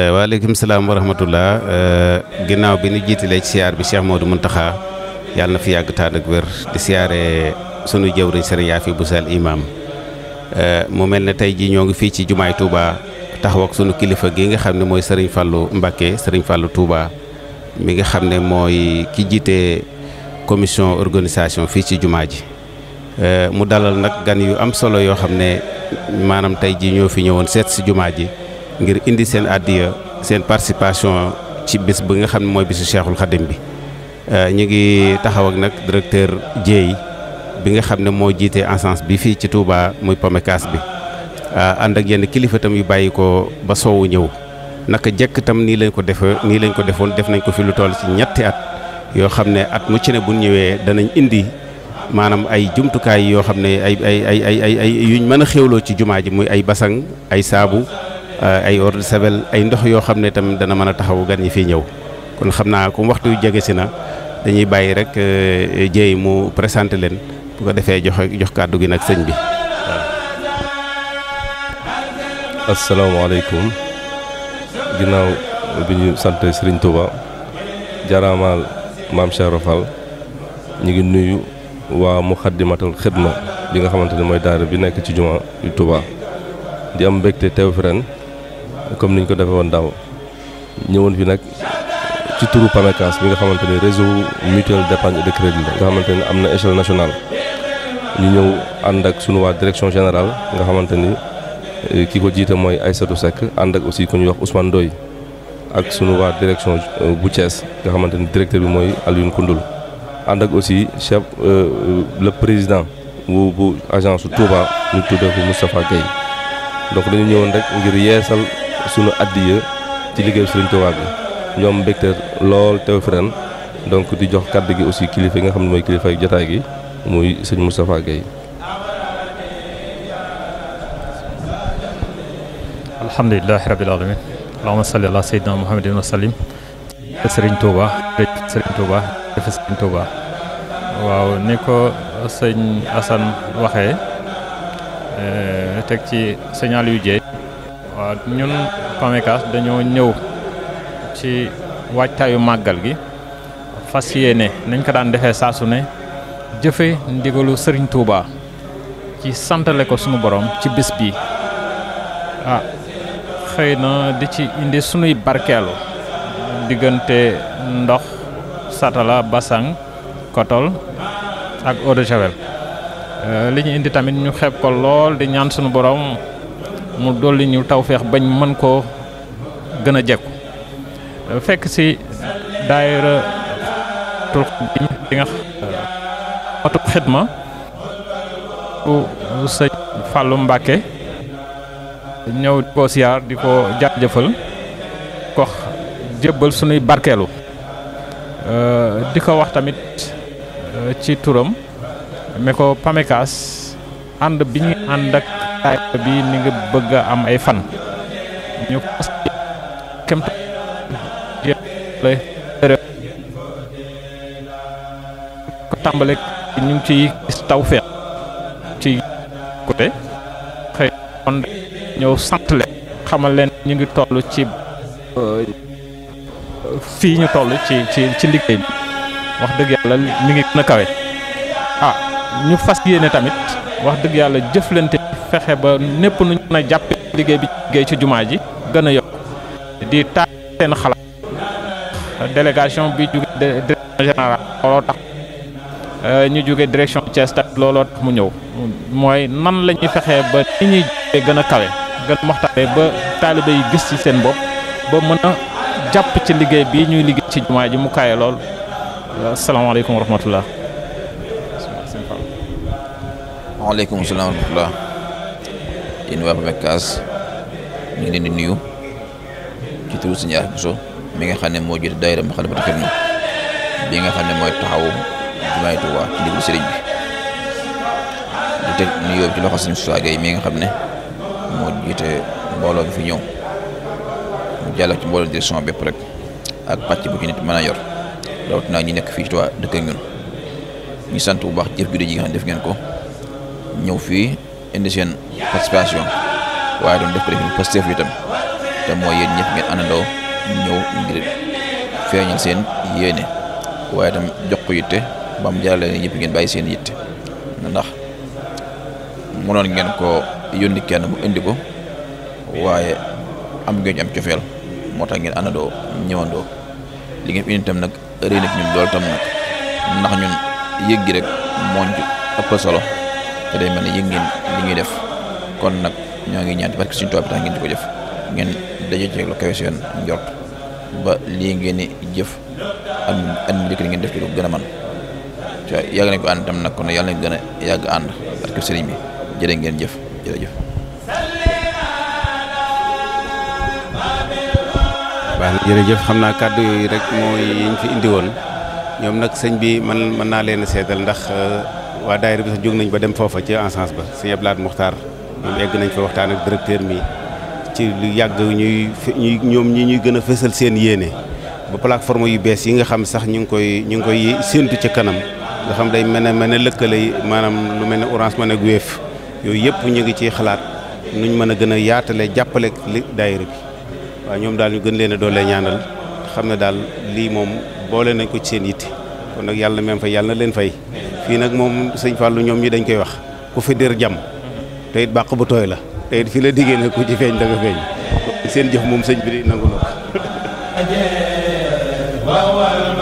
Eh, waaleykum salaam wa rahmatullah eh, ginnaaw bi ñu jiitalee ci siyaar bi Cheikh Modou Mountakha yàlla na fi yàgg taan ak wér di siyaare sunu jëwriñ sëriñ Yafi Bousso al imam eh, mu mel ne tey jii ñoo ngi fii ci jumaay Touba taxaw ak sunu kilifa gi nga xam ne mooy sëriñ Fallou Mbacké sëriñ Fallou Touba mi nga xam ne mooy ki jiite commission organisation fii ci jumaa ji mu dalal nag gan yu am solo yoo xam ne maanaam tey jii ñoo fi ñëwoon seet si jumaa ji. ngir indi seen addiya seen participation ci bis bi nga xam ne mooy bisu Cheikhul Khadim bi euh, ñu ngi taxaw nag directeur Dieye bi nga xam ne moo jiite encense bi fii ci Touba muy PAMECAS bi euh, ànd ak yenn kilifa tam yu bàyyi ko ba soowu ñëw naka jekk tam nii leen ko defee nii lañ ko defoon def nañ ko fi lu toll ci ñetti at yoo xam ne at mu ci ne bu ñëwee danañ indi maanaam ay jumtukaay yoo xam ne ay ay ay ay ay yu ñu mën a xéwloo ci jumaa ji muy ay basang ay saabu. Euh, ay eau de ay ndox yoo xam ne tamit dana mën a taxaw gan yi fii ñëw kon xam naa ko waxtu yu jege si na dañuy bàyyi rek jéey euh, mu présenté leen bu ko defee jox kàddu gi nag sëñ bi waaw. asalaamaaleykum ginnaaw bi ñu sant Serigne tuba jaraamaal maam Cheikh Fall ñu ngi nuyu waa Muxaddamatul Xidma bi nga xamante ne mooy daara bi nekk ci jumaa tuba di am mbégte tew fren comme ñu ko defee woon daaw ñëwoon fi nag ci turu PAMECAS bi nga xamante ni réseau mutuel d'épargne et de crédit la nga xamante ni am na échelle nationale ñu ñëw ànd ak sunu waa direction général nga xamante ni eh, ki ko jiite mooy ay Aïssatou Seck ànd ak aussi ku ñuy wax Ousmane Doy ak sunu waa direction eh, bu Thiès nga xamante ni directeur bi mooy Alioune Koundoul ànd ak aussi chef eh, le président bu bu su Touba ñu tuddee ko Moustapha Gueye donc dañu ñëwoon rek sunu addiya ci liggéeyu Sëriñ Tuubaa bi ñoom mbégte lool teew fi donc di jox kàddu gi aussi kilifa yi nga xam ne mooy kilifa ak gi muy sëñ Moustapha Guèye. alhamdulilahi rabil alamin allahuma salli ala sayyidina muhammadin wa sallim sëriñ Touba sëriñ Touba def sëriñ Touba waaw ni ko sëñ Assane waxee eh, teg ci signal yu jeey waaw ñun PAMECAS dañoo ñëw ci waajtaayu màggal gi fas yéene nañ ko daan defee saasu ne jëfe ndigalu sëriñ Touba ci santale ko sunu borom ci bis bi ah xëy na di ci indi sunuy barkeelu diggante ndox satala basang kotol ak eau de javel eh, li ñu indi tamit ñu xeeb ko lool di ñaan sunu borom mu dolli ñu tawféex bañ mën koo gën a jekku fekk si daayira tul di nga xatuk xidma sëñ ñëw di ko siyaar di ko jaajëfal ko jébbal sunuy barkeelu di ko wax tamit ci turam me ko pamekaas ànd bi ñu ànd ak bi ni nga bëgg a am ay fan ñu fas kemt ko tàmbale ñu ngi ciy gis tawfeex ci côté xëy on ñëw sant leen xamal leen ñu ngi toll ci euh, fii ñu toll ci ci ci liggéey bi wax dëgg yàlla mi ngi gën a kawe ah ñu fas yéene tamit wax dëgg yàlla jëflante fexe ba népp nu ñu mën a jàppe liggéey bi liggéey ci jumaa ji gën a yokk di taal seen xalaat délégation bi jóge direction générale looloo tax euh, ñu jóge direction Thiès tamit looloo tax mu ñëw mooy nan la ñuy fexee ba ni ñuy jëlee gën a kawe gën a moxtaale ba taalibe yi gis ci seen bopp ba mën a jàpp ci liggéey bi ñuy liggéey ci jumaa ji mu kawe lool asalaamaaleykum wa rahmatullah waaleykum salaam wa rahmatullah yéen waa Pamecas ñu ngi leen di nuyu ci turu Sëriñ Aatu so mi nga xam ne moo jiite daayira Moukhaddamatoul Khidma bi nga xam ne mooy taxawu jumaay Tuubaa ci diggu sëriñ bi di teg nuyoo ci loxo Sëriñ Musaa Gey mi nga xam ne moo jiite mbooloo bi fi ñëw mu jàll ci mbooloo direction bépp rek ak pacc bu ci nit mën a yor rawatina ñi nekk fii ci Tuubaa dëkk ak ñun ñu sant bu baax jëf ju ji def ngeen ko ñëw fii indi seen participation waaye doon def ko defin Pastef te mooy yéen ñëpp ngeen àndandoo ñëw ngir feeñal seen yéene waaye itam jox ko yitte ba mu ñëpp ngeen bàyyi seen yitte ndax mënoon ngeen koo yónni kenn mu indi ko waaye am ngeen am cofeel moo tax ngeen àndandoo ñëwandoo li ngeen indi tam nag rëy na ñun loolu tam nag ndax ñun yégg gi rek moo ñu ëpp solo. te day mel yëg ngeen li ñuy def kon nag ñoo ngi ñaan parce que suñu tool bi tax ngeen di ko jëf ngeen daje ci lu kawe seen njort ba lii ngeen di jëf am am njëkk li ngeen def a man te yàgg nañ yàgg ànd parce que sëriñ bi jërë jëf xam naa kàddu yooyu rek mooy yiñ fi indi ñoom nag sëñ bi man mën naa leen a seetal ndax. waa daayira bi sax jóg nañ ba dem foofa ci encense ba sëñ Abdou Lahad Muxtaar moom egg nañ fa waxtaan ak directeur mi ci lu yàgg ñuy ñuy ñoom ñi ñuy gën a fësal seen yéene ba plateforme yu bees yi nga xam sax ñu ngi koy ñu ngi koy séentu ca kanam nga xam day mel ne mel ne lëkkale maanaam lu mel ne Orange Money ak Wave yooyu yëpp ñu ngi ciy xalaat ñu mën a gën a yaatale jàppale li daayira bi waaw ñoom daal ñu gën leen a doole ñaanal xam ne daal lii moom boole nañ ko ci seen yitte kon nag yàlla même fa yàlla leen fay fii nag moom sëñ Fallou ñoom yi dañ koy wax ku fi dir jàmm te it bàq bu tooy la te it fii la diggee nag ku ci feeñ da feeñ seen jëf moom sëñ bi di nangu na ko